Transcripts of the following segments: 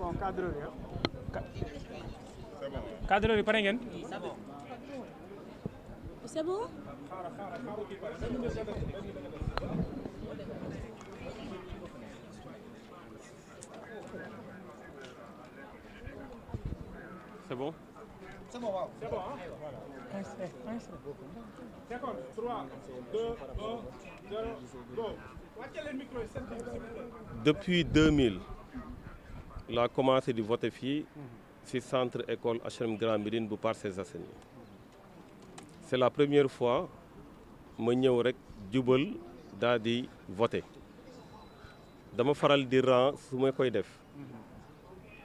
bon cadreur yi cadreur yi pare ngeen. c'est bon. C'est bon C'est bon, wow. C'est bon, hein Voilà. Un, un, un. Seconde, 3, 2, 1, 0, go. Depuis 2000, laa commencé di voté fii ci centre école HLM Grand Médine bu Parcelles Assainies c'est la première fois ma ñëw rek jubal daal di voté dama faral di rang su ma koy def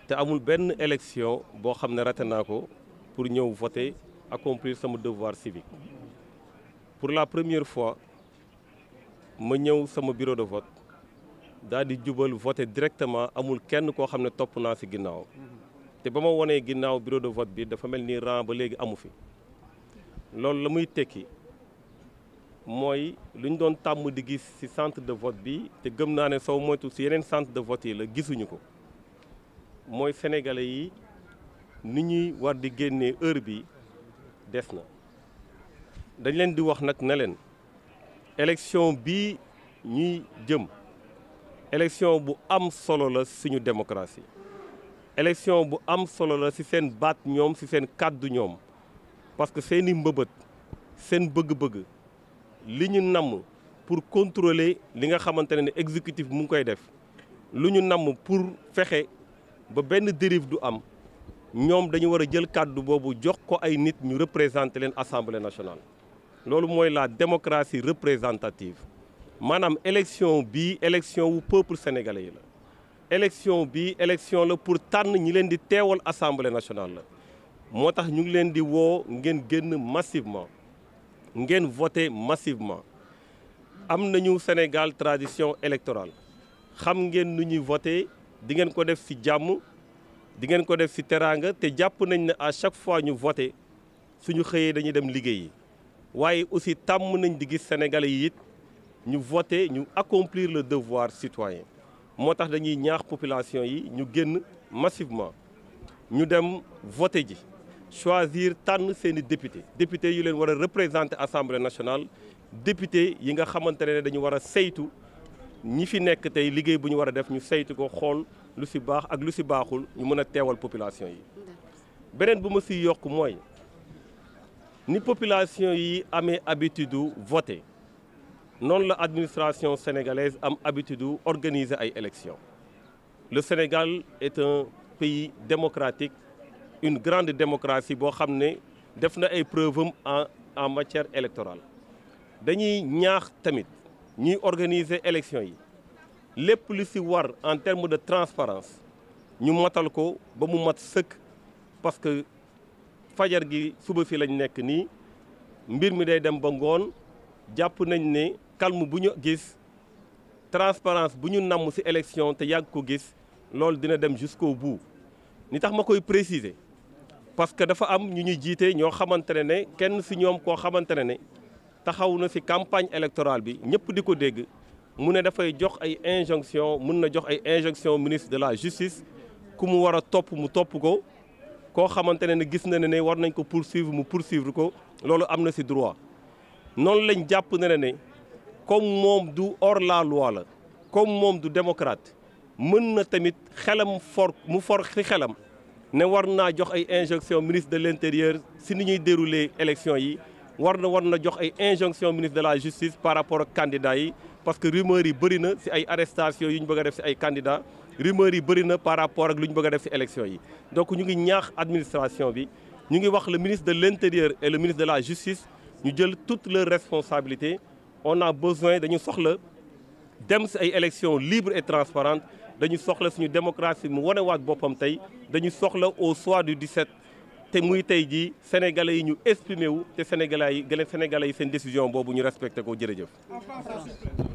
te amul benn élection boo xam ne raté naa ko pour ñëw voté accomplir sama devoir civique pour la première fois ma ñëw sama biro de vote daal di jubal voté directement amul kenn koo xam ne topp naa si ginnaaw te ba ma wonee ginnaaw bureau vote bi dafa mel ni rang ba léegi amu fi loolu la muy tekki mooy lu ñu doon tàmm di gis si centre de vote bi te gëm naa ne soo moytu si yeneen centre de vote yi la gisuñu ko mooy sénégalais yi ni ñuy war di génnee heure bi des na dañ leen di wax nag ne leen élection bii ñuy jëm élection bu am solo la suñu démocratie élection bu am solo la si seen baat ñoom si seen kàddu ñoom parce que seeni mbëbët seen bëgg-bëgg li ñu namm pour contrôler li nga xamante ne exécutif mu ngi koy def lu ñu namm pour fexe ba benn dérive du am ñoom dañu war a jël kàddu boobu jox ko ay nit ñu représenter leen assemblée nationale loolu mooy la démocratie représentative maanaam élection bii élection wu peuple sénégalais yi la élection bii élection la pour tànn ñi leen di teewal assemblée nationale la moo tax ñu ngi leen di woo ngeen génn massivement ngeen voté massivement am nañu Sénégal tradition électorale xam ngeen nu ñuy vote di ngeen ko def ci jàmm di ngeen ko def ci teraanga te jàpp nañ ne à chaque fois ñu voté suñu xëyee dañuy dem liggéey yi waaye aussi tàmm nañ di gis sénégalais yi it ñu voter ñu accomplir le devoir citoyen moo tax dañuy ñaax population yi ñu génn massivement ñu dem voter ji choisir tànn seeni député député yu leen war a représenter assemblée nationale député yi nga xamante ne dañu war a saytu ñi fi nekk tey liggéey bu ñu war a def ñu saytu ko xool lu si baax ak lu si baaxul ñu mën a teewal population yi beneen bu ma si yokk mooy ni population yi amee habitude voter noonu la administration sénégalaise am habitude u organiser ay élections le Sénégal est un pays démocratique une grande démocratie boo xam ne def na ay preuve en en matière électorale dañuy ñaax tamit ñuy organiser élection yi lépp li si war en termes de transparence ñu matal ko ba mu mat sëkk parce que fajar gi suba fi lañ nekk nii mbir mi day dem ba ngoon jàpp nañ ne calme bu ñu gis transparence bu ñu namm ci élection te yàgg ko gis loolu dina dem jusqu'au bout ni tax ma koy préciser parce que dafa am ñu ñuy jiite ñoo xamante ne ne kenn si ñoom koo xamante ne ne taxaw na ci campagne électorale bi ñëpp di ko dégg mu ne dafay jox ay injonction mën na jox ay injonction ministre de la justice ku mu war a topp mu topp ko koo xamante ne ne gis na ne ne war nañ ko poursuivre mu poursuivre ko loolu am na ci droit noonu lañ jàpp ne ne ne comme moom du hors la loi la comme moom du démocrate mën na tamit xelam for mu for xi xelam ne war naa jox ay injonction ministre de l'intérieur si ni ñuy dérouler élection yi war na war na jox ay injonction ministre de la justice par rapport ak candidats yi parce que rumeurs yi bëri na si ay arrestation yu ñu bëgg def si ay candidats rumeurs yi bëri na par rapport ak lu ñu bëgg def si élection yi donc ñu ngi ñaax administration bi ñu ngi wax le ministre de l'intérieur le ministre de la justice ñu jël toutes leurs responsabilités on a besoin dañu soxla dem si ay élections libre et transparentes dañu soxla suñu démocratie mu wane wanewaat boppam tey dañu soxla au soir du 17 te muy tey jii sénégalais yi ñu exprimé wu te sénégalais yi gën a yi seen décision boobu ñu respecté ko jërëjëf.